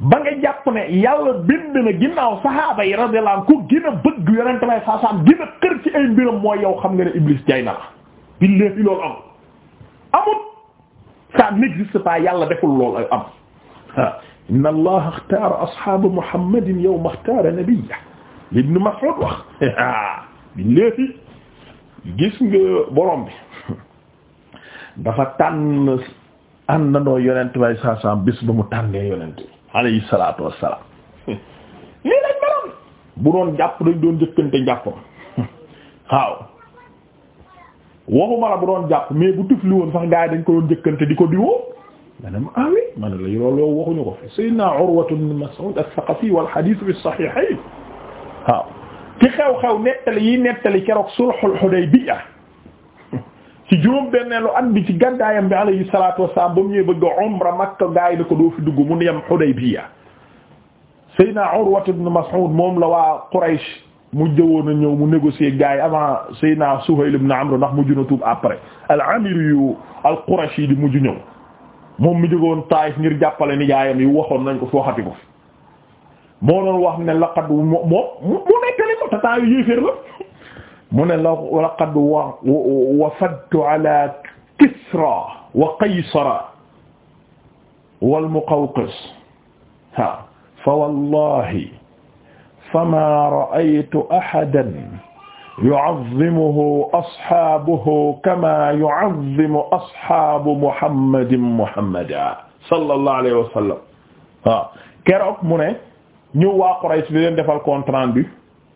ba nga jàpp ne yàlla bind na ginnaaw saxaaba yi radiyallahu anhu ku gën a bëgg yonente may saasaam gën a ay mbiram mooy yow xam nga ne Iblis jay na la billahi am amut ça n'existe pas yàlla deful loolu am inna allaha ixtaara ashaaba muhammadin yawma ixtaara nabiyya ibn Mas'ud wax billahi gis nga borom dafa tànn àndandoo yonente may saasaam bis ba mu tànnee yonente bi alayhi salaatu wassalaam lii lañ meloon bu doon jàpp dañ doon jëkkante njàppam waaw waxuma la bu doon jàpp mais bu tifli woon sax gaa dañ ko doon jëkkante di ko diwoo ma ne ma ah oui ma ne la loolu yow waxuñu ko fi sayyidina Urwa ibn Mas'ud as-Saqafi wal hadith fi as-sahihayn waaw ci xew-xew nettali yi nettali keroog sulhul Hudaybiyah ci juróom benneelu at bi ci gàddaayam bi alayhi salaatu wassalaam ba mu ñëwee bëgg umra Makka gaay na ko doo fi dugg mu ne yem Hudaybiya Seydina Urwa ibn Mas'ud moom la waa Quraysh mu jëwoon a ñëw mu négocier gaay avant Seydina Suhayl ibn Amr ndax mu na tuub après al-Amiri yu al-Qurashi di mujj ñëw moom mi jógoon Taayif ngir jàppale ni gaayam yi waxoon nañ ko fooxati ko moo doon wax ne laqad moom mu nekkali ko te temps yu mu ne la laqad wa wafadtu ala Kisra wa Qaysara wal Muqawqis ha fa wallahi fama ra'aytu ahadan yu'azzimuhu ashaabuhu kama yu'azzimu ashaabu Muhammadin Muhammadan sallallahu alayhi wa sallam waaw keroog mu ne ñu waa Quraysh di leen defal compte rendu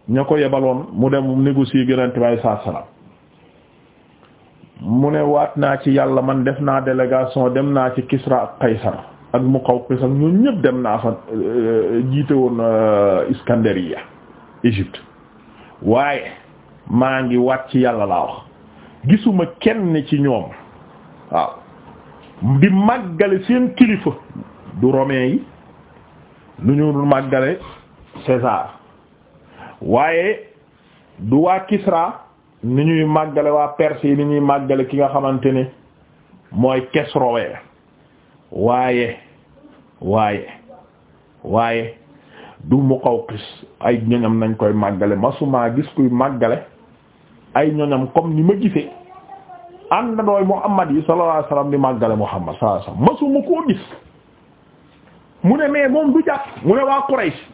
ña ko yebaloon mu dem négocier yonent bi saa salaam mu ne waat naa ci yàlla man def naa délégation dem naa ci Kisra ak Qaysar ak Muqawqis ak ñun ñëpp dem naa fa euh, jiite woon euh, Iskandariya Égypte waaye maa ngi waat ci yàlla laa wax gisuma kenn ci ñoom waaw di màggale seen kilifa du romain yi lu ñu màggale César waaye du waa Kisra ni ñuy màggale waa Perse ni ñuy màggale ki nga xamante ni mooy Kesrowe waaye waaye waaye du Muqawqis ay ñoñam nañ koy màggale masuma gis kuy màggale ay ñoñam comme ni ma gisee ànd dooy Muhammad yi sallallahu alayhi wasallam di màggale Muhammad sallallahu alayhi wasallam masuma koo gis mu ne mais moom du jàpp mu ne waa Quraysh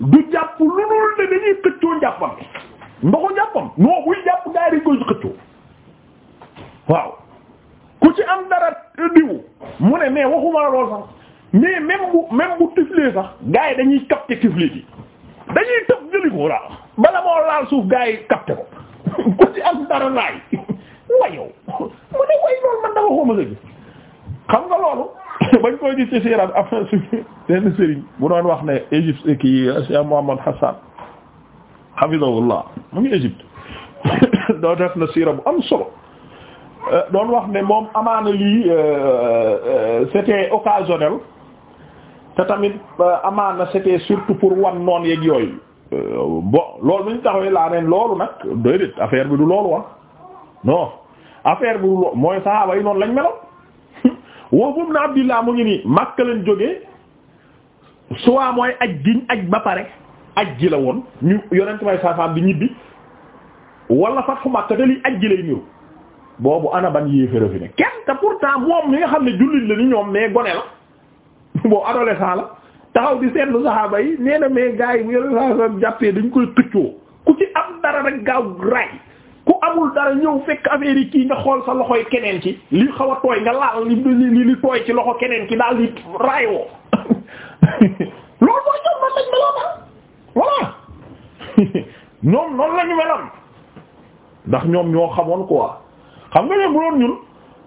du jàpp lu dul ne dañuy xëccoo njàppam ndoxu njàppam non buy jàpp gaa yi dañ xëccoo waaw ku ci am dara diw mu ne mais waxuma la lool sax mais même bu même bu tiflee sax gaa yi dañuy capter tifli bi dañuy tëb jëli ko la bala moo laal suuf gaa yi ko ku ci am dara laay wayow mu ne way loolu man dama xoma sa gi xam nga loolu bañ koo gis ci siira am na suñu benn bu doon wax ne Égypte eh, kii euh, Cheikh Mouhamad Hassan hafizahullah mu ngi Égypte doo def na siira bu am solo euh, doon wax ne moom amaana lii euh, c'était occasionnel te tamit amaana c'était surtout pour wan noon yeeg yooyu bon loolu bu ñu taxawee laa neen loolu nag doy affaire bi du loolu wax ah. non affaire bi du loolu mooy saxaaba yi noonu lañ meloon Wahb ibn Abdillah mu ngi nii Makka lañ jógee soit mooy aj giñ aj ba pare aj ji la woon ñu yonent may saasaam bi ñibbi wala Fathu Makka te lii aj ji lay niru boobu ana ban yéeféra fi ne kenn te pourtant moom mi nga xam ne jullit la ni ñoom mais gone la boo adolescent la taxaw di seetlu saxaaba yi nee na mais gars yi bu yonent saa jàppee dañ koy tëccoo ku ci am dara rek gaaw ray ku amul dara ñëw fekk affaire yi kii nga xool sa loxoy keneen ki li xaw a tooy nga laal li li li tooy ci loxo keneen ki daal di raayoo loolu mooy ñoom noonu lañ meloon ah voilà ñoom noonu lañu meloon ndax ñoom ñoo xamoon quoi xam nga ne bu doon ñun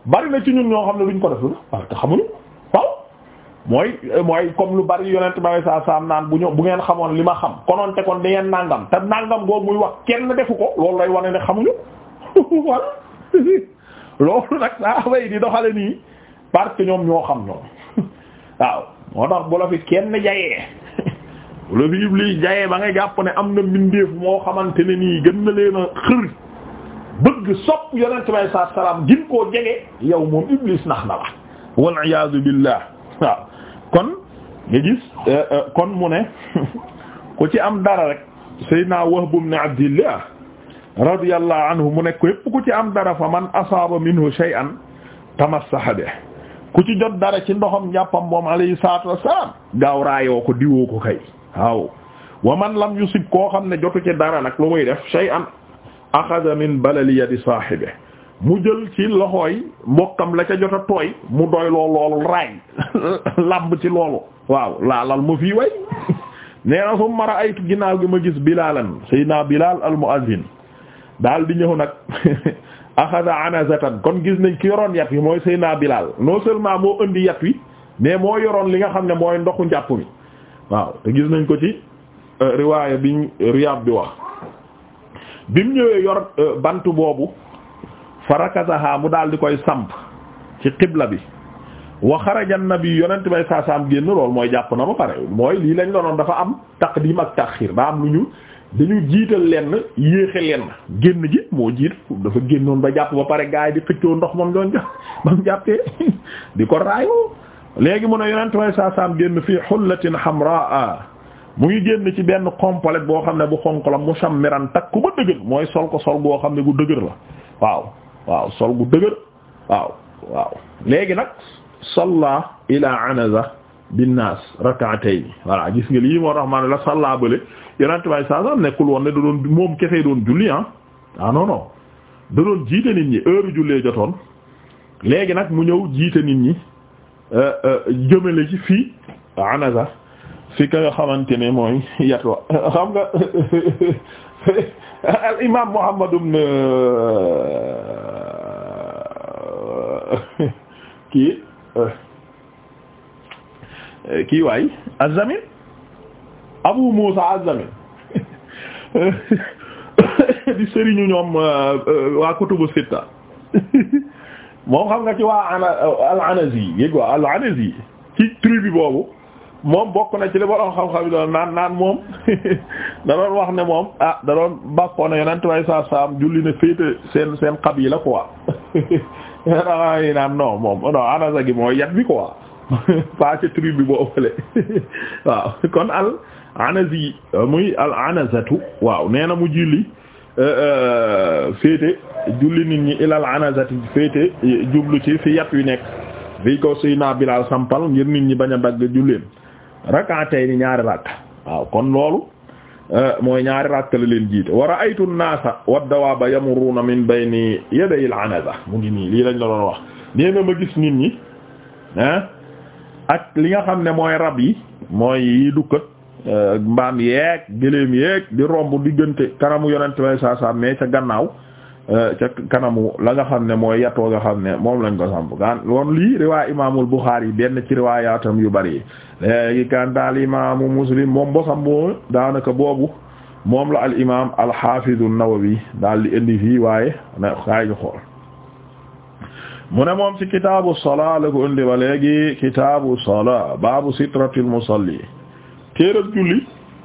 bari na ci ñun ñoo xam ne duñ ko def lu tax parce xamuñu. mooy mooy comme lu bari yonent bi saa saam naan bu ñëw bu ngeen xamoon li ma xam konoon te kon da ngeen nangam te nangam boobu muy wax kenn defu ko loolu lay wane ne xamuñu wala loolu nag saa way di doxale nii parce que ñoom ñoo xam ñoom waaw moo tax bu la fi kenn jayee bu la fi Iblis jayee ba nga jàpp ne am na mbindeef moo xamante ne nii gën na leen a xër bëgg sopp yonent bi saa salaam gin koo jege yow moom Iblis nax na la wal iyaazu billah kon nga euh, euh, kon mu ne ku ci am dara rek Seydina Wahb ibn Abdillah radiyallahu anhu mu ne képp ku ci am dara fa man asaaba minhu shay'an tamassaha bihi ku ci jot dara ci ndoxam njàppam moom alayhi salaatu wassalaam gaaw ko diwoo ko kay waaw wa man lam yusib koo xam ne jotu ci dara nag lu muy def shay'an akhadha min balali yadi saahibihi mu jël ci loxooy mbokkam la ca jot a tooy mu doy loolu raay làmb ci loolu waaw laalal ma fii way nee na mara aytu ginnaaw gi ma gis bilalan sayyidina bilal al muazzin daal di ñëw nag axada anazatan kon gis nañ ki yoroon yat wi mooy sayyidina bilaal noo seulement moo indi yat wi mais moo yoroon li nga xam ne mooy ndoxu njàpp mi waaw te gis nañ ko ci euh, riwaaya biñ riyaab bi wax bimu ñëwee yor euh, bant boobu fa rakazaha mu daal di koy samp ci qibla bi wa na bi yonent bay saa saam génn loolu mooy jàpp na ba pare mooy lii lañ doonoon dafa am taqdim ak xiir daa am lu ñu dañu jiital lenn yéexe lenn génn gi moo jiit dafa génnoon ba jàpp ba pare gaay di xëccoo ndox moom doon jàpp ba jàppee di ko raayoo léegi mu ne yonent bay saa saam génn fii xullatin hamraa mu ngi génn ci benn complet boo xam ne bu xonq la musammiran takk ko ba dëgër mooy sol ko boo xam ne bu dëgër la waaw waaw sol gu dëgër waaw waaw léegi nag salla ila anaza binnaas rak'atayn voilà gis nga lii moo tax la salla bële yonent bay saa sam nekkul woon ne da doon moom kefee doon julli ah ah da doon jiite nit ñi heure jullee jotoon léegi nag mu ñëw jiite nit ñi euh, euh, jëmale ci fii anaza fi ka nga xamante mooy yat xam nga al imam Muhammad ibn euh, kii eh, kii waay Azamin Abu Musa Azamin di sëriñu ñoom eh, eh, waa kutubu sitta moom xam nga ci waa ana al-Anazi yéeg waa al-Anazi ci tribu boobu moom bokk na ci li borom xam-xam yi doon naan naan moom da doon wax ne moom ah da doon bàkkoona yonent way sa saam julli ne féete seen seen xab yi la yi naan non moom non anasa gi mooy yat bi quoi pas ci tribu bi boo ëppale waaw kon al anasi muy al anasatu waaw nee na mu julli euh, euh, féete julli nit ñi ilal anasati féete jublu ci fi yat wi nekk fii ko suy naa bilaal sampal ngir nit ñi bañ a dagg julleen rakaatay ni ñaari rakk waaw kon loolu Euh, mooy ñaari rakk la leen jiite wa ra'aytu an-naasa wad-dawaaba yamurruuna min bayni yaday al-'anaza mu ngi nii lii lañu la doon wax nee ma gis nit ñi ak li nga xam ne mooy rab yi mooy yi dukkat euh, mbaam yeeg gëléem yeeg di romb diggante kanamu yonent may saa saa ca gannaaw Euh, ca kanamu la nga xam ne mooy yatoo nga xam ne moom lañ ko samp gan loon lii riwaa imaamul Buxaari yi benn ci riwaayaatam yu bari léegi kan daal imaamu Muslim moom bosam bo daanaka boobu moom la al imaam al xaafizu Nawawi daal di indi fii waaye na xool mu ne moom ci kitaabu salaa la ko indi ba léegi kitaabu salaa baabu sitratil musalli téeral julli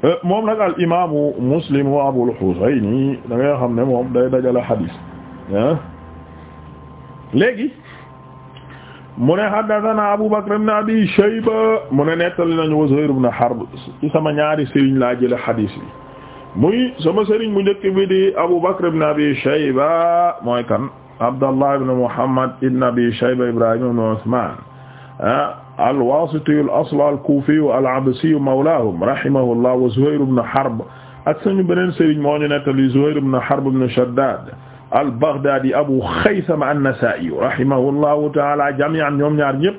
Euh, moom nag al imaamu muslim wa abul husayni da ngay xam moom day dajale hadis ah léegi mu ne haddathana abu bakr ibn abi shayba mu ne nettali nañu wa zuhayr ibn harb ci sama ñaari sëriñ laa jële hadis bi muy sama sëriñ bu njëkk bi di abu bakr ibn abi shayba mooy kan abdallah ibn muhammad ibn abi shayba ibrahim ibn usman al-Wasiti al-asl al-Kufi al-Absi mawlahum rahimahullah wa Zuhayr ibn Harb ak suñu beneen sëriñ moo ñu nettali Zuhayr ibn Harb ibn Shaddad al-Baghdadi Abu Khaythama an-Nasa'i rahimahullahu ta'ala jami'an ñoom ñaar ñëpp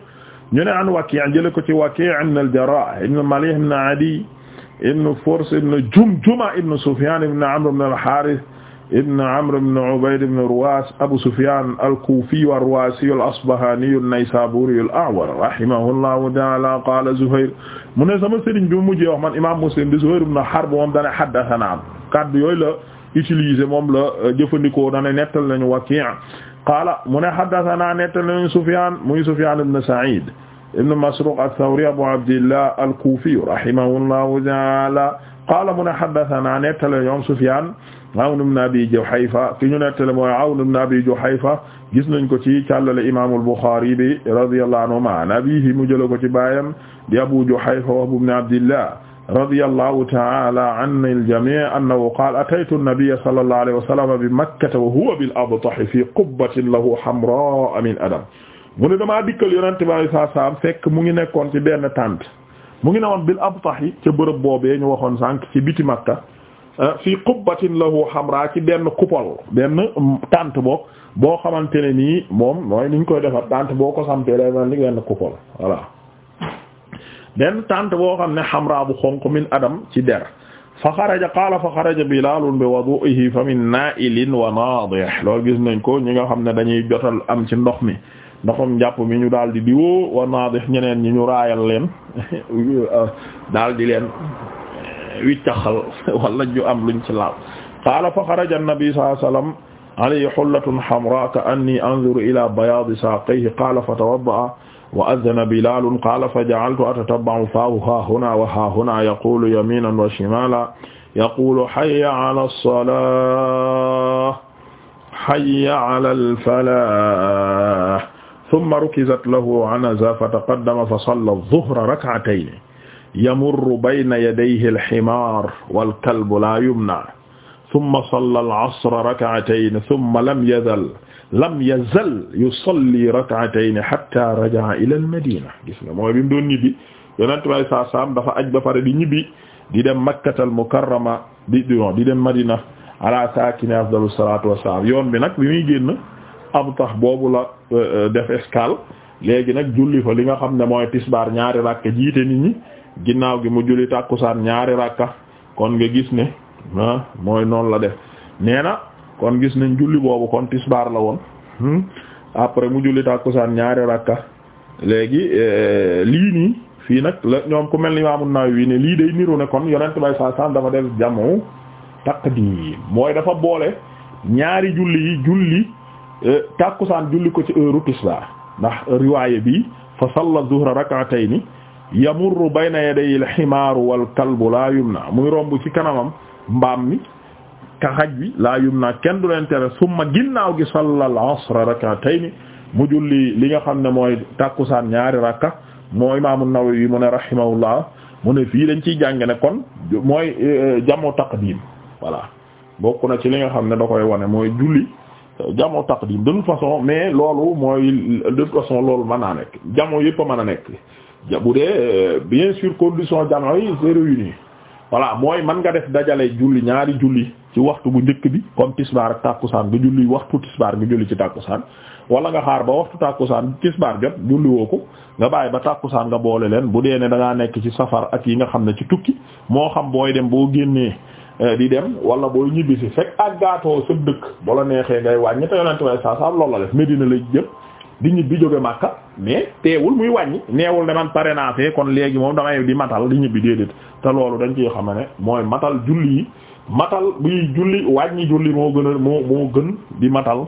ñu ne an Waki' jële ko ci Waki' ibn al-Jarrah ibn Malih ibn Adi ibn Furs ibn Jumjuma ibn Sufyan ibn Amr ibn al-Harith ibn Amr ibn Ubayd ibn Ruwaas Abu Sufyaan al-Kuufi ar-Ruwaasi al-Asbahaani an-Naysaabuuri al-A'war rahimahullahu ta'aala qaala Zuhayr mu ne sama sëriñ bi mu mujjee wax man imaam Muslim di Zuhayr ibn Harb moom dana haddathanaa kaddu yooyu la utilisé moom la jëfandikoo dana nettal nañu Wakii' qaala mu ne haddathanaa nettal nañu Sufyaan muy Sufyaan ibn Sa'iid ibn Masruuq ath-Thawri Abu Abdillah al-Kuufi rahimahullahu ta'aala qaala mu ne haddathanaa nettal nañu Sufyaan Awn ibn Abi Juhayfa ki ñu nettale mooy Awn ibn Abi Juhayfa gis nañ ko ci càllale imaamul Buxaari bi radiyallahu anhuma an abiihi mu jële ko ci baayam di Abu Juhayfa Wahb ibn Abdillah radiyallahu ta'ala anil jamii' annahu qaala ataytu an-nabiyya sallallahu alayhi wa sallam bi makkata wa huwa bil abtahi fi qubbatin lahu hamraa min adam mu ne damaa dikkal yonente bi alayhi salaam fekk mu ngi nekkoon ci benn tànt mu ngi newoon bil abtahi ca bërëb boobee ñu waxoon sànq ci biti Makka Euh, fii qubbatin lahu hamra ci benn coupole benn tànt boo boo xamante ne nii moom mooy niñ koy defar tànt boo ko sampee day mel ni benn coupole voilà benn tente boo xam ne hamra bu xonq min adam ci der fa xaraja qaala fa xaraja bilalun bi wudu'ihi fa min naa'ilin wa naadih loolu gis nañ ko ñi nga xam ne dañuy jotal am ci ndox mi ndoxum njàpp mi ñu daal di diwoo wa naadih ñeneen ñi ñu raayal leen daal di leen wiccaxal wala ñu am luñ ci laal qaala fa xaraja annabi sallallahu alayhi wa sallam alayhi hullatun hamra ka anni anzuru ila bayaadi saaqayhi qaala fa tawadda'a wa adhana bilalun qaala fa ja'altu atatabba'u faahu haahuna wa haahuna yaqulu yaminan wa shimalan yaqulu hayya 'ala as-salaah hayya 'ala al-falaah thumma rukizat lahu 'anaza fataqaddama fa salla adh-dhuhra rak'atayni yamurru bayna yadayhi alximaar walkalbu laa yumna summa salla alasra rak'atayn summa lam yazal lam yazal yusalli rak'atayn hatta raja'a ila almadina gis nga mooy bi mu doon ñibbi yonent bi dafa aj ba pare di ñibbi di dem makkatal mukarrama di di dem madina ala saakini afdalu salaatu wassalaam yoon bi nag bi muy génn am tax boobu la euh, euh, def escale léegi nag julli fa li nga xam ne mooy tisbaar ñaari rakk jiite nit ñi ginnaaw gi mu julli tàkkusaan ñaari rakka kon nga gis ne ah, mooy noonu la def nee na kon gis nañ julli boobu kon tisbaar la woon hmm? après mu julli tàkkusaan ñaari rakka léegi eh, lii nii fii nag la ñoom ku mel ni Imam An-Nawawi ne lii day niru ne kon yonent bay saa san dafa def jamu taqdim mooy dafa boole ñaari julli yi julli eh, tàkkusaan julli ko ci heure tisbaar ndax riwaaya bi fa salla zuhra rak'atayni yamurru bayna yaday al-himaaru wal-kalbu laa yumna muy romb ci kanamam mbaam mi ka xaj bi laa yumna kenn du leen tere summa ginnaaw gi salla al-asra rak'atayni mu julli li nga xam ne mooy takkusaan ñaari rakka moo imaamu Nawawi mu ne rahimahullah mu ne fii dañ ciy jàng ne kon mooy e, e, jamu taqdim voilà bokk na ci li nga xam ne da koy wane mooy julli e, jamu taqdim de toute façon mais loolu mooy de toute façon loolu mën naa nekk jamu yëpp a mën a nekk bu dee euh, bien sûr condition jamono yi c'est réuni voilà mooy mën nga def dajale julli ñaari julli ci waxtu bu njëkk bi comme tisbaar ak tàkkusaan nga julli waxtu tisbaar nga julli ci tàkkusaan wala nga xaar ba waxtu tàkkusaan tisbaar jot julli woo ko nga bàyyi ba tàkkusaan nga boole leen bu dee ne da nekk ci safar ak yi nga xam ne ci tukki moo xam booy dem boo génnee euh, di dem wala booy ñibbisi fekk ak gaatoo sa dëkk boo la neexee ngay wàññi te yonent way saa saa loolu la def Medina lay jëm di ñibbi jóge Makka mais teewul muy wàññi neewul ne man pare naa fee kon léegi moom damay di matal di ñibbi déedéet te loolu dañ ciy xam ne mooy matal julli yi matal buy wàññi julli moo gën moo moo gën di matal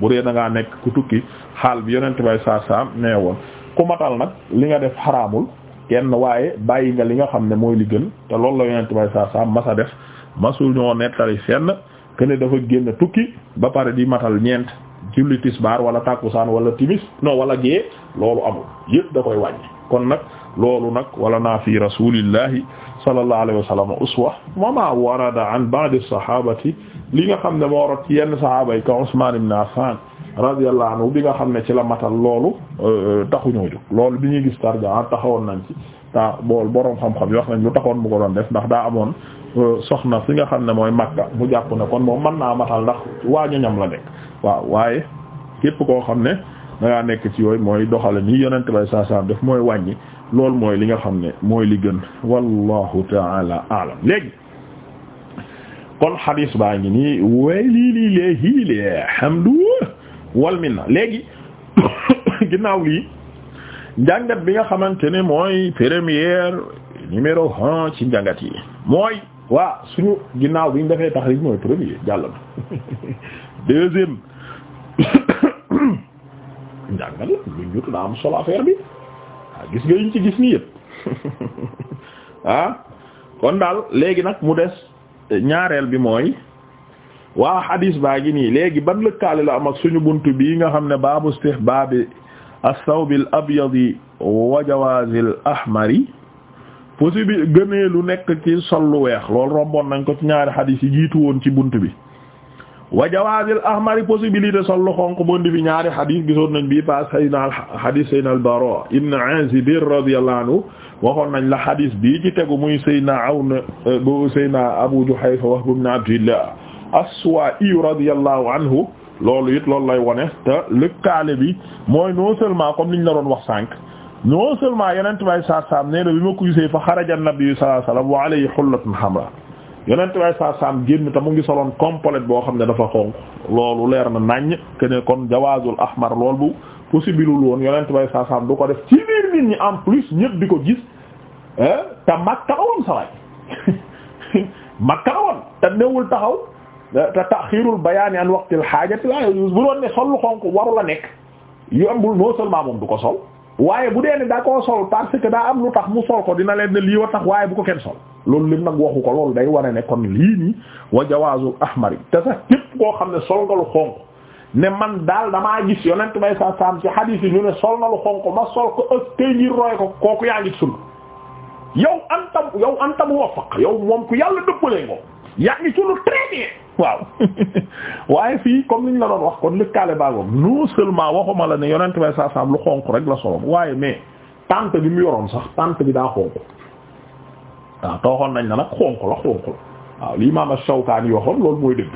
bu dee da ngaa nekk ku tukki xaal bi yonent bay saa saa nee woon ku matal nag li nga def xaraamul kenn waaye bàyyi nga li nga xam ne mooy li gën te loolu la yonent bay saa saa masa def ma ñoo nettali fenn que ne dafa génn tukki ba pare di matal ñeent. julli tisbaar wala tàkkusaan wala timis non wala gée loolu amul yëpp da koy wàññi kon nag loolu nag wala naa fi rasulillahi sallallahu alayhi wa sallam uswa wa ma warada an ba'd as-sahabati li nga xam ne moo rot yenn sahaaba yi ka Usman ibn Affan radiyallahu anhu bi nga xam ne ci la matal loolu euh, taxuñoo jóg loolu bi ñuy gis tarja taxawoon nañ ci ta bool boroom xam-xam yi wax nañ lu taxoon mu ko doon def ndax daa amoon euh, soxna fi nga xam ne mooy Makka mu jàpp ne kon moom mën naa matal ndax waa ñoñam la nekk waaw waaye képp koo xam ne da nekk ci yooyu mooy doxale nii yonent bay saasaam def mooy wàññi loolu mooy li nga xam ne mooy li gën wallahu taala alam léegi kon xadis baa ngi nii way lii lii lee hii lee hamdu wal minna léegi ginnaaw lii njàngat bi nga xamante ne mooy première numéro un ci njàngat yi mooy waa suñu ginnaaw bi ñu defee tax rek mooy premier jàll na njàngal lu ñutu daa am solo affaire bi waaw ah, gis nga yiñ ci gis nii yëpp ah kon daal léegi nag mu des eh, ñaareel bi mooy waa hadis baa ngi nii léegi ban lëkkaale la am ak suñu bunt bii nga xam ne baabu istihbaabi as-sawbil abyadi wa jawaazil ahmari possible gënee lu nekk ci sol lu weex loolu romboon nañ ko ci ñaari hadis yi jiitu woon ci bunt bi wa jawazil ahmari possibilité sol lu xonq mu indi fi ñaari xadis gisoon nañ bii pas saydna xadis saydna al bara ibn azib radiyallahu anhu waxoon nañ la xadis bii ci tegu muy saydna awn bu saydna abu juhayfa wahb ibn abdillah as-suwa'i radiyallahu anhu loolu it loolu lay wone te lëkkaale bi mooy non seulement comme niñ la doon wax sànq non seulement yenent bay sa sam nee na bi ma ko gisee fa xaraja an-nabi sallallahu yonent way saa saam génn te mu ngi soloon complet boo xam ne dafa xonq loolu leer na naññ que ne kon jawaazul ahmar lool bu possible wul woon yonent way saa saam du ko def ci biir nit ñi en plus ñëpp di ko gis te Makka awoon sa waay Makka awoon te newul taxaw te taxiirul bayaani an waqtil xaajati la bu doon ne sol lu xonq waru la nekk yombul non seulement moom du ko sol. waaye bu dee ne da koo sol parce que daa am lu tax mu sol ko dina leen ne lii wa tax waaye bu ko kenn sol loolu lim nag waxu ko loolu day wara ne kon lii nii wa jawaazu ahmar te sax képp koo xam ne sol nga lu xonq ne man daal damaa gis yonent may sa saam ci hadith yi ñu ne sol na lu xonq ma sol ko ëk ko kooku yaa ngi sunna yow antam yow antam muwaffaq yow moom ku yàlla dëppalee ko yaa ngi ci lu très bien waaw waaye fii comme niñ la doon wax kon lëkkaale baagom non seulement waxuma la ne yonent bay saa lu xonq rek la solom waaye mais tànk bi mu yoroon sax tànk bi daa xonq waaw tooxoon nañ na nag xonq la xonq la waaw li Imaam Shawkaani waxoon loolu mooy dëgg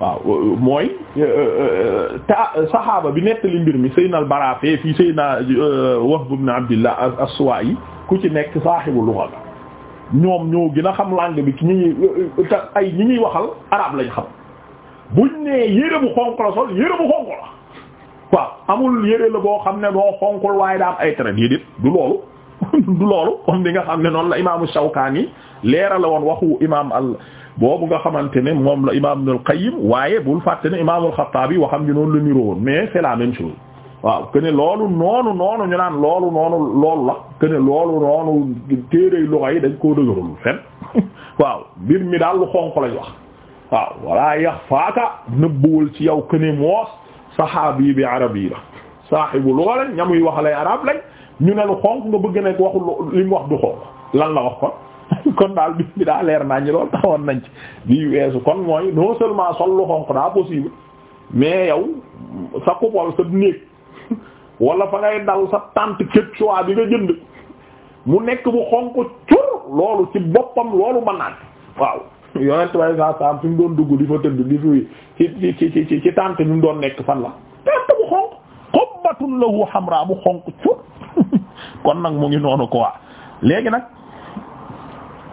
waaw euh, euh, mooy euh, ta saxaaba bi nettali mbir mi Seydina al-Baraa fee fii na Wahb ibn Abdillah as-Suwaa'i ku ci nekk saahibu lugha ñoom ñoo gën a xam langue bi ki ñi ay ñi ñuy waxal arabe lañ xam buñ nee yére bu xonq la sol yére bu xonq la waaw amul yére la boo xam ne doo xonqul waaye daa ay traits yéen du loolu du loolu comme ni nga xam ne noonu la imaamu Shawkaani leera la woon waxu imaam al boobu nga xamante ne moom la imaam Ibnul Qayyim waaye bul fàtte ne imaamul Xattaabi waxam ñu noonu la niroo woon mais c'est la waaw que ne loolu noonu noonu ñu naan loolu noonu loolu la que ne loolu noonu téere luxa yi dañ koo dëgërul fen waaw mbir mi daal lu xonq lañ wax waaw walla yax faaka nëbbuwul ci yow que ne moos saxaabi bi arab yi la saaxibu luxa lañ ñamuy wax lay arab lañ ñu ne lu xonq nga bëgg nekk waxul li mu wax du xonq lan la wax kon kon daal bi bi daa leer naa ñi loolu taxoon nañ ci bii weesu kon mooy non seulement sol lu xonq daa possible mais yow sa coupole sa néeg wala fa ngay dal sa tànt quechua bi nga jënd mu nekk bu xonk cur loolu ci boppam loolu mën naa waaw yonent way sa sam fi mu doon dugg di fa tëdd di fi ci ci ci ci tànt bi mu doon nekk fan la tànt bu xonk xobbatun lahu xamra bu xonk cur kon nag mu ngi noonu quoi léegi nag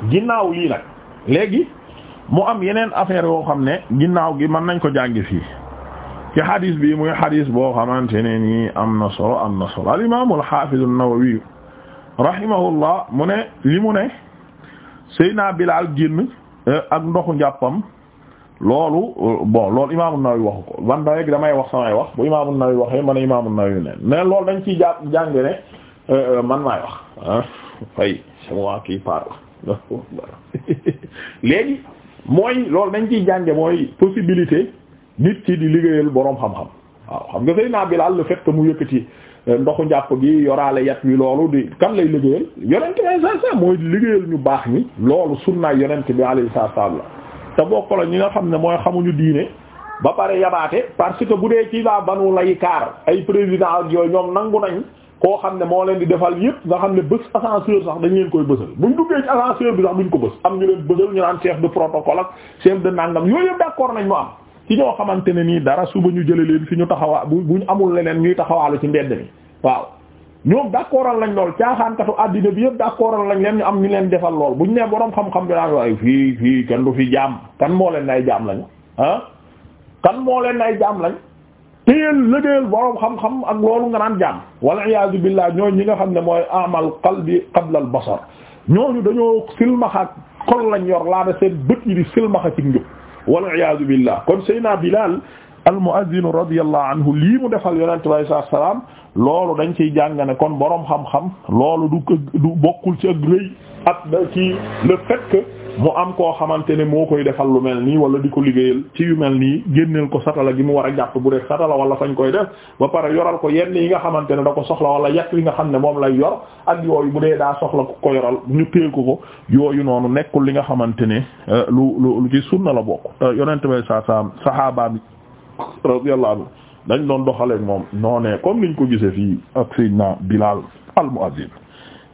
ginnaaw lii nag léegi mu am yeneen affaire yoo xam ne ginnaaw gi mën nañ ko jàngi fii ci xadis bi muy xadis boo xamante ne nii am na solo am na solo al imaam al xaafiz an-Nawawi mu ne li mu ne naa Bilaal génn eh, ak ndoxu njàppam loolu bon loolu imaam an-Nawawi waxu ko man da rek damay wax samay wax bu imaam an-Nawawi waxee man imaam an-Nawawi ne mais loolu dañ ciy jàpp jànge ne eh, man maay wax ah fay sama waa kii paar léegi mooy loolu dañ ciy jànge mooy possibilité nit ki di liggéeyal boroom xam-xam waaw xam nga Seydina Bilaal le fait que mu yëkkati euh, ndoxu njàpp gi yoraale yat wi loolu di kan lay liggéeyal yonent bi saa saa mooy liggéeyal ñu baax ñi loolu sunnaay yonent bi alayhi salaam la te bokk la ñi nga xam ne mooy xamuñu diine ba pare yabaate parce que bu dee ci la banu lay kaar ay président yooyu ñoom nangu nañ koo xam ne moo leen di defal yépp nga xam ne bës ascenseur sax dañ leen koy bësal buñ duggee ci ascenseur bi sax duñ ko bës am ñu leen bësal ñu naan chef de protocole ak chef de nangam yooyu yëpp d'accord nañ mu am ci ñoo xamante ne nii dara suba ñu jëlee leen fi ñu taxawaa bu bu ñu amul leneen ñuy taxawaalu ci mbedd mi waaw ñoom d'accordal lañ lool caaxaankatu àddina bi yëpp d'accordal lañ leen ñu am ñu leen defal lool buñ nee boroom xam-xam bi naan waaye fii fii kenn du fi jàmm kan moo leen ay jaam lañ ah kan moo leen ay jaam lañ téyeel lëgéyal boroom xam-xam ak loolu nga naan jaam wal iyaazu billah ñooñu ñi nga xam ne mooy amal qalbi qabla al basar ñooñu dañoo silmaxa xol lañ yor laada silmaxa ci wal iyaadu billah kon Seydina Bilal al-mu'azzin radiyallahu anhu lii mu defal yonent bi alayhi salaatu wa salaam loolu dañ ciy jàng ne kon boroom xam-xam loolu du du bokkul ci ak rëy ak kii le fait que mu am koo xamante ne moo koy defal lu mel nii wala di ko liggéeyal ci yu mel nii génneel ko satala gi mu war a jàpp bu def satala wala fañ koy def ba pare yoral ko yenn yi nga xamante ne da ko soxla wala yàq li nga xam ne moom lay yor ak yooyu bu dee daa soxla ko ko yoral ñu téye ko ko yooyu noonu nekkul li nga xamante ne euh, lu lu lu ci sunna la bokk te euh, yonent bay saa saa saxaaba bi radiyallahu anhu dañ doon doxaleeg moom noonee comme niñ ko gisee fii ak Seydina Bilal al-Mu'azzin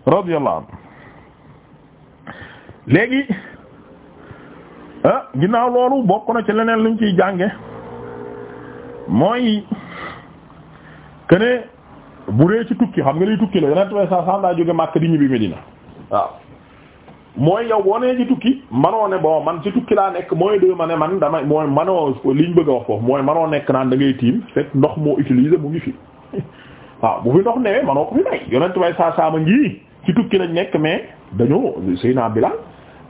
radiyallahu anhu léegi ah ginnaaw loolu bokk na ci leneen luñ ciy jànge mooy kene bu ree ci tukki xam nga liy tukki la yonent way sa sam daa jóge Makka di ñibbi Medina waaw mooy yow boo nee ci tukki manoo ne bon man ci tukki laa nekk mooy de ma ne man damay mooy manoo liñ bëgg a wax foofu mooy manoo nekk naan da ngay tiim fekk ndox moo utilisé mu ngi fi waaw bu fi ndox newee manoo ko fi bay yonent way sa sama ngi ci tukki lañ nekk mais dañu Seydina Bilal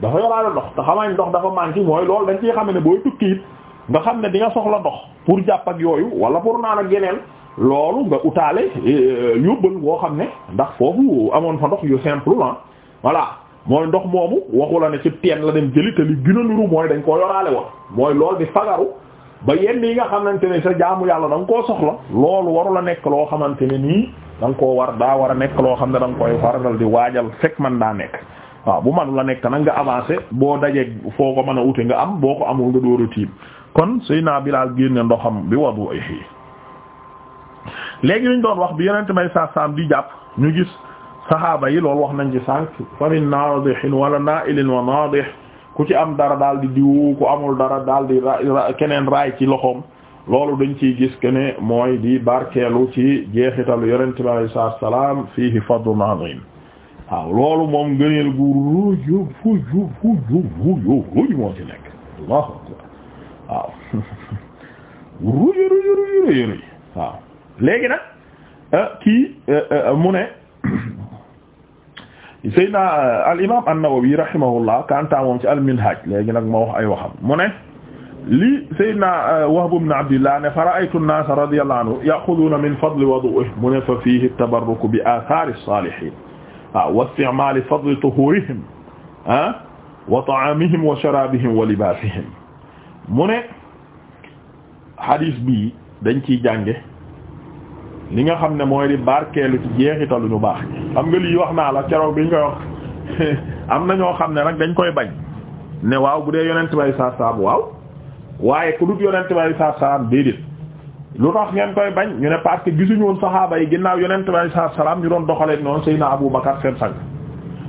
dafa yoraale ndox te xamaañ ndox dafa manqué mooy loolu dañ ciy xam ne booy tukki it nga xam ne di nga soxla ndox pour jàpp ak yooyu wala pour naan ak geneen loolu nga utaale euh, yóbbal woo xam ne ndax foofu amoon fa ndox yu simple la ah. voilà mooy ndox moomu waxu la ne ci teen la dem jëli te li gën a nuru mooy dañ koo yoraale woon mooy lool di fagaru ba yenn yi nga xamante ne sa jaamu yàlla da nga koo soxla loolu waru la nekk loo xamante ne nii da nga war daa war a nekk loo xam ne da nga koy faral di waajal fekk man daa nekk waaw bu manu la nekk nag nga avancé boo dajee foo ko man a ute nga am boo ko amul nga dóor a kon suy naa Bilaal génne ndoxam bi wadu ay xii léegi ñu doon wax bi yeneen may sa sam di jàpp ñu gis saxaaba yi loolu wax nañ ci sànq famin naadihin wala naa'ilin wa naadih ku ci am dara daal di diwu ku amul dara daal di ra keneen raay ci loxoom loolu dañ ci gis que mooy di barkeelu ci jeexitalu yonent bi alayhi salaatu wa salaam fiihi fadlun aziim waaw loolu moom ngëneel gu ruuj ruuj ruuj ruuj moo ci nekk Allahu akbar waaw ruuj ruuj ruuj ruuj waaw léegi nag eh, kii eh, eh, mu ne Seydina al imaam an-Nawawi rahimahullah kanta moom ci al-Minhaj nag ma wax ay waxam mu ne li Seydina uh, Wahb ibn Abdillah ne fa ra'aytu an-naasa radiyallahu anhu ya'xuduuna min fadli wuduu'ihim mu ne fa fiihi at-tabarruku bi aasaari as-saalihiin waaw ah, wa isti'maali fadli tuhuurihim ah wa ta'aamihim wa sharaabihim wa libaasihim mu ne hadis bii dañ ciy jànge li nga xam ne mooy di barkeelu ci jeexitalu ñu baax xam nga lii wax naa la keroog bi ñu koy wax am na ñoo xam ne nag dañ koy bañ ne waaw bu dee yonent bay saab saab waaw. waaye ku dut yonent bay saa salaam déedéet lu tax ngeen koy bañ ñu ne parce que gisuñu woon saxaaba yi ginnaaw yonent bay saa salaam ñu doon doxaleeg noonu Seydina Abu Bakar seen sang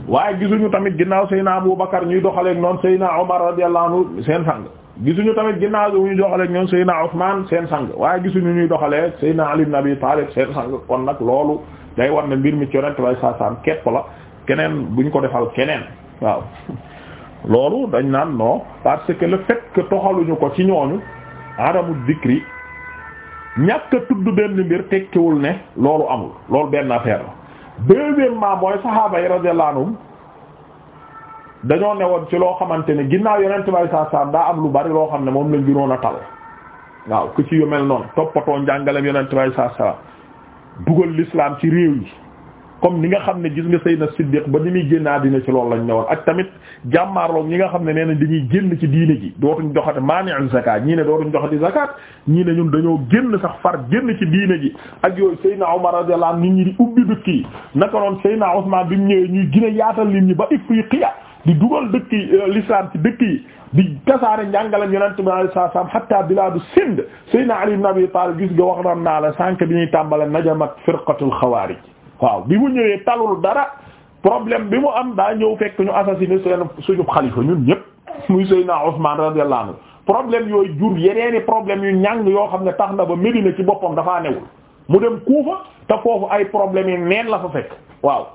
waaye gisuñu tamit ginnaaw Seydina Abu Bakar ñuy doxaleeg noonu Seydina Omar radiyallahu anhu seen sang gisuñu tamit ginnaaw ñu doxaleeg ñoom Seydina Usmaan seen sang waaye gisuñu ñuy doxalee Seydina Ali ibn Abi Talib seen sang kon nag loolu day war ne mbir mi ci yonent bay saa salaam képp la keneen ñu ko defal keneen waaw loolu dañ naan non parce que la fait que toxaluñu ko ci ñooñu adamu dikri ñàkk a tudd benn mbir tekkiwul ne loolu amul loolu benn affaire la deuxièmement mooy saxaaba yi radiyallahu anhum dañoo newoon ci loo xamante ne ginnaaw yonent bay saa daa am lu bari loo xam ne moom lañ gënoon a tal waaw ku ci yu mel noonu toppatoo njàngaleem yonent bay saa saa dugal l'islam ci réew yi comme ni nga xam ne gis nga Seydina Siddiq ba ni muy génn àddina ci loolu lañ ne woon tamit jàmmaarloog ñi nga xam ne nee nañ dañuy génn ci diine ji dootuñ joxati maani'u zakat ñii ne dootuñ joxati zakat ñii ne ñun dañoo génn sax far génn ci diine ji ak yooyu Seydina Umar radiyallahu anhu nit ñi di ubbi dëkk yi naka noon Seydina Usman bi mu ñëwee ñuy gën a yaatal nit ñi ba Ifriqiya di dugal dëkk yi euh, l'islam ci dëkk yi di tasaare njàngalam yonent bi alayhi salaam hatta bilaadu Sind Seydina Ali ibn Abi Talib gis nga wax na naa la sànq bi ñuy tàmbale najam ak firqatul xawaarij waaw bi mu ñëwee talul dara problème bi mu am daa ñëw fekk ñu assassiné seen suñu xalifa ñun ñëpp muy Seydina Ousmane radiyallahu anhu problème yooyu jur yeneeni problème yu ñàng yoo xam ne tax na ba Médina ci boppam dafaa newul mu dem Kuufa te foofu ay problème yi neen la fa fekk waaw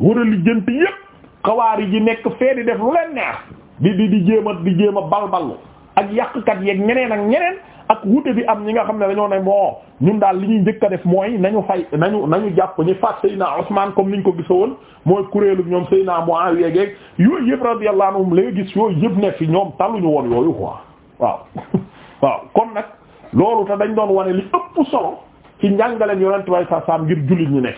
war a lijjanti yépp xawaari ji nekk fee di def lu leen neex di di di jéem a di jéem a balballu ak yàqkat yeeg ñeneen ak ñeneen ak wute bi am ñi nga xam ne dañoo ne moo ñun daal li ñuy jëkk a def mooy nañu fay nañu nañu jàpp ñu faat Seydina Usman comme ñu ko gisoon mooy kuréelu ñoom Seydina Muawiya geek yooyu yëpp radiyallahu anhum lay gis yooyu yëpp ne fi ñoom ñu woon yooyu quoi waaw waaw kon nag loolu te dañ doon wone li ëpp solo ci njàngaleen yonent way sa sam ngir jullit ñu nekk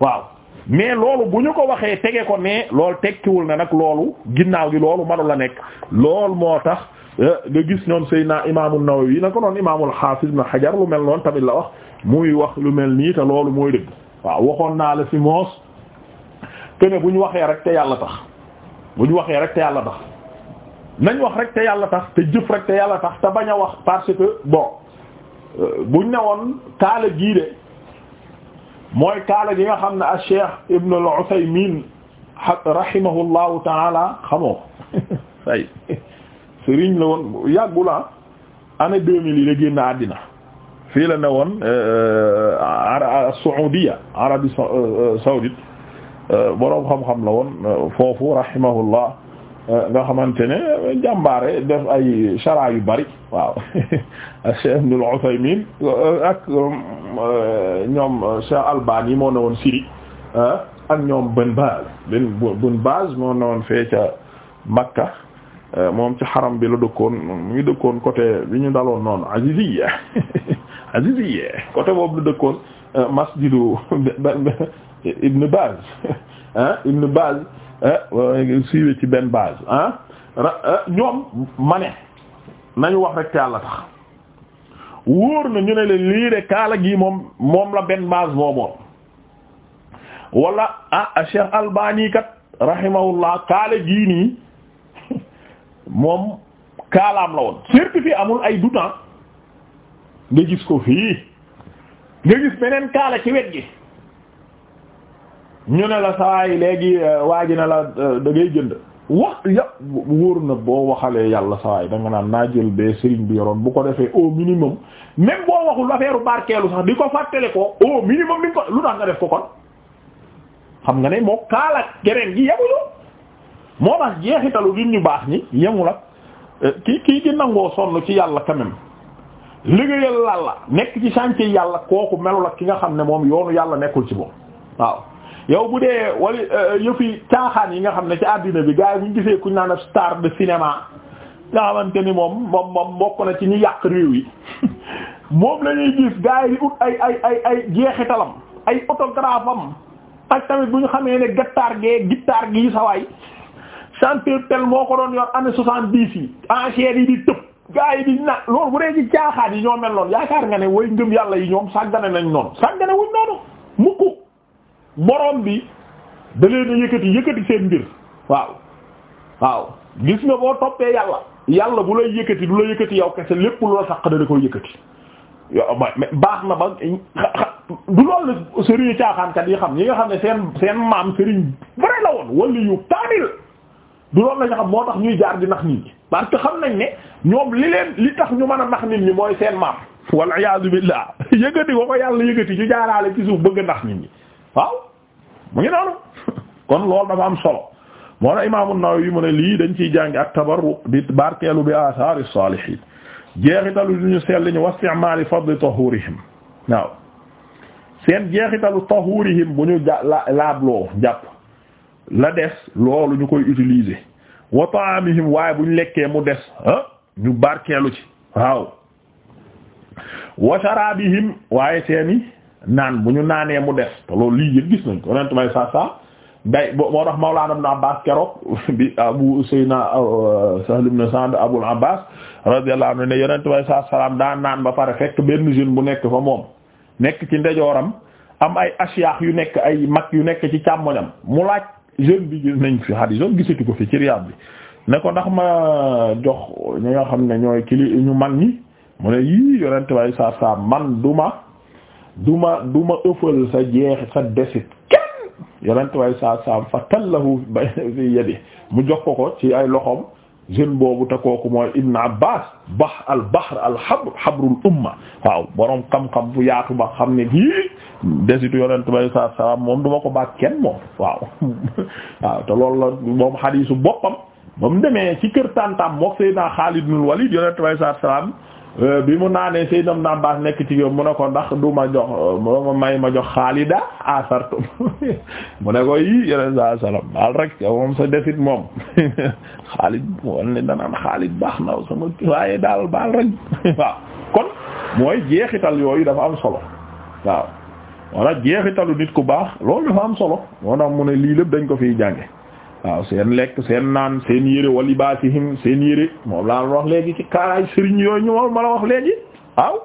waaw mais loolu bu ñu ko waxee tege ko ne loolu tekkiwul na nag loolu ginnaaw gi loolu manu la nekk loolu moo tax Eh, nga gis ñoom Seydina imaamu Nawawi na ko noon imaamul Hafiz Ibn Hajar lu mel noon tamit la wax muy wax lu mel nii te loolu mooy dëgg waaw waxoon naa la fi moos kene bu ñu waxee rek te yàlla tax bu ñu waxee rek te yàlla tax nañ wax rek te yàlla tax te jëf rek te yàlla tax te bañ a wax parce que bon euh, buñ ne woon kaala gii de mooy kaala gi nga xam ne a Cheikh Ibn al-Uthaymin rahimahullahu taala xamoo say sëriñ la woon yàggul ah année deux la génn àddina fii la ne woon euh, euh, Saudiya Arabie euh, Saoudite boroom xam-xam la woon foofu xamante ne jàmbaare def ay chara yu bari waaw Cheikh Ibnul Uthaymin ak ñoom Albani moo ne woon Syrie ak ñoom Ibn Baz Euh, moom ci xaram bi la dëkkoon mu ngi dëkkoon côté bi ñu daloon noonu Aziziyya Aziziyya côté boobu la dëkkoon euh, masjidu Ibn Baz ah Ibn Baz euh, siiwe ci benn Baz ah ñoom ma ne nañu wax rek te yàlla tax wóor na ñu ne leen lii de kaala gi moom moom la benn Baz moomoon wala ah Cheikh Albani kat rahimahullah kaala gi nii. moom kaalaam la woon certifié amul ay doutant ah. nga gis ko fii nga gis beneen kaala ci wet gi ñu ne la saa yi léegi euh, waa ji ne la euh, da jënd wax ya wóor na boo waxalee yàlla sawaay da nga naan naa jël bee sëriñ bi yoroon bu ko defee au minimum même boo waxul affaire barkeelu sax di ko fàttale ko au minimum lu tax nga def ko kon xam nga ne moo kaala keneen gi yamuñu moo tax jeexitalu nit ñu baax ni yemul ak euh, ki kii di nangoo sonn ci yàlla quand même liggéeyal lalla nekk ci chantier yàlla kooku melul ak ki nga xam ne moom yoonu yàlla nekkul ci moom waaw yow bu dee wala euh, yëfi caaxaan yi nga xam ne ci àddina bi gars yi bu ñu gisee kuñ naan star de cinéma nga xamante ni moom moom moom bokk na ci ñu yàq réew yi moom la gis gars ay ay ay ay jeexitalam ay autographe am ak tamit bu ñu xamee ne gattaar gee gittaar gi sawaay chanteur tel moo ko doon yor année soixante dix yi di tëb gaa yi di na loolu bu dee ci caaxaan yi ñoo mel noonu yaakaar nga ne way ngëm yàlla yi ñoom sàggane nañ noonu sàggane wuñ noonu mukk borom bi da leen a yëkkati yëkkati seen mbir waaw waaw gis nga boo toppee yàlla yàlla bu la yëkkati du la yëkkati yow kese lépp lu la saq da da koy yëkkati baax na ba du loolu sëriñ caaxaankat yi xam ñi nga xam ne seen seen maam sëriñ vrai la woon wala du loolu la ñu xam moo tax ñuy jaar di nax nit ñi parce que xam nañ ne ñoom li leen li tax ñu mën a nax nit ñi mooy seen maam wal iyaadu billah yëgati ko ko yàlla yëgati ñu jaaraale ci suuf bëgg nax nit ñi waaw mu ngi noonu kon loolu dafa am solo moo na imaamu Nawawi mu ne lii dañ ciy jàngi ak tabarru di barkeelu bi asaari saalihiin jeexitalu lu ñu seetlu ñu wasti'maali fadli tahuurihim waaw seen jeexitalu tahuurihim bu ñu ja laabloo jàpp la des loolu ñu koy utiliser wa ta'amihim waaye bu lekkee mu des ah ñu barkeelu ci waaw wa sharabihim waaye seeni naan bu ñu naanee mu des te loolu lii yëpp gis nañ ko yonent may saa saa day moo tax Mawlaana Ibn Abbaas keroog bi Abu Seyna uh, Sahl ibn Sa'd Abul Abbaas radiyallahu anhu ne yonent may saa daa naan ba pare fekk benn jeune bu nekk fa moom nekk ci ndejooram am ay ashyaax yu nekk ay mag yu nekk ci càmmoñam mu laaj jeune bi gis nañ fi xadisam gisatu ko fi ci Riyad bi ne ko ndax ma jox ñi xam ne ñooy kili ñu man ñi mu ne yii yonent way saa saa man duma duma duma ëffal sa jeex sa desit kenn yonent way saa saa fa tallahu fi yadi mu jox ko ko ci ay loxoom jeune boobu te kooku mooy Ibn Abbas bah al bahr al habr habrul umma waaw boroom xam-xam bu yaatu ba xam ne gii desitu yonent bay saa moom du ko baag kenn moom waaw waaw te loolu la moom xadiisu boppam ba mu demee ci kër tàntam mook Seydina Xaalid ibnul Waliid yonent bay saa euh, bi mu naanee Seydina Ibn Abbaas nekk ci yow mu ne ko ndax du ma jox ma euh, may ma jox Xaalida asartum mu ne ko yii yonent saa salaam daal rek moom sa desit moom Xaalid wala ne baax na sama waaye daal baal rek waaw kon mooy jeexital yooyu dafa am solo waaw. walla jeexitalu nit ku baax loolu dafa am solo moo tax mu ne lii lépp dañ ko fiy jànge waaw seen lekk seen naan seen yére yi baax wali baasihim seen yére moom laa wax léegi ci kaaraay sëriñ yooyu ñu ma la wax léegi waaw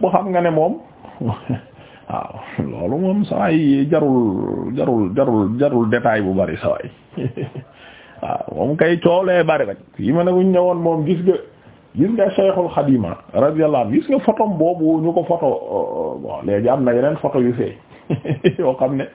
waaw nga ne moom waaw loolu moom sawaay jarul jarul bu bari sawaay waaw moom fii ma ne bu ñu ñëwoon moom gis nga gis nga Cheikhul Xadima radiyallahu anhu gis nga photo boobu ñu ko photo bon léegi am na yeneen photo yu fee yoo xam ne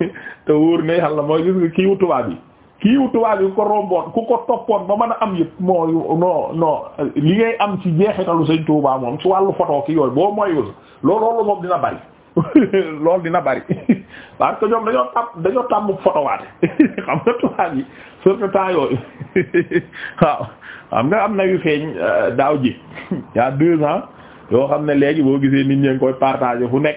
te wóor ne yàlla mooy gis nga kiiwu tubaab yi kiiwu tubaab yi ku ko romboon ku ko toppoon ba mën a am yëpp moo non non li ngay am ci jeexitalu Sëñ Tuubaa moom ci wàllu photo ki yooyu boo moyul loolu loolu moom dina bari loolu dina bari parce que ñoom dañoo tàmm dañoo tàmm photo waate xam nga tubaab yi surtout yooyu waaw am nga am na yu feeñ euh, daaw ji yaa deux ans yoo xam ne léegi boo gisee nit ñi ngi koy partagé fu nekk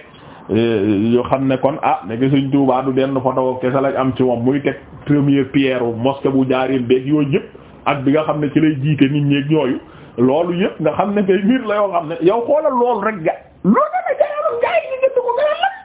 euh, yoo xam ne kon ah nekk Sëriñ Tuubaa du denn photo kese lañ am ci moom muy teg première pierre mosquée bu jaareen beeg yooyu yëpp ak bi nga xam ne ci lay jiite nit ñeeg ñooyu loolu yëpp nga xam ne kay mbir la yoo xam ne yow xoolal loolu rek ga loolu na jaay am yi ñu jënd ko gën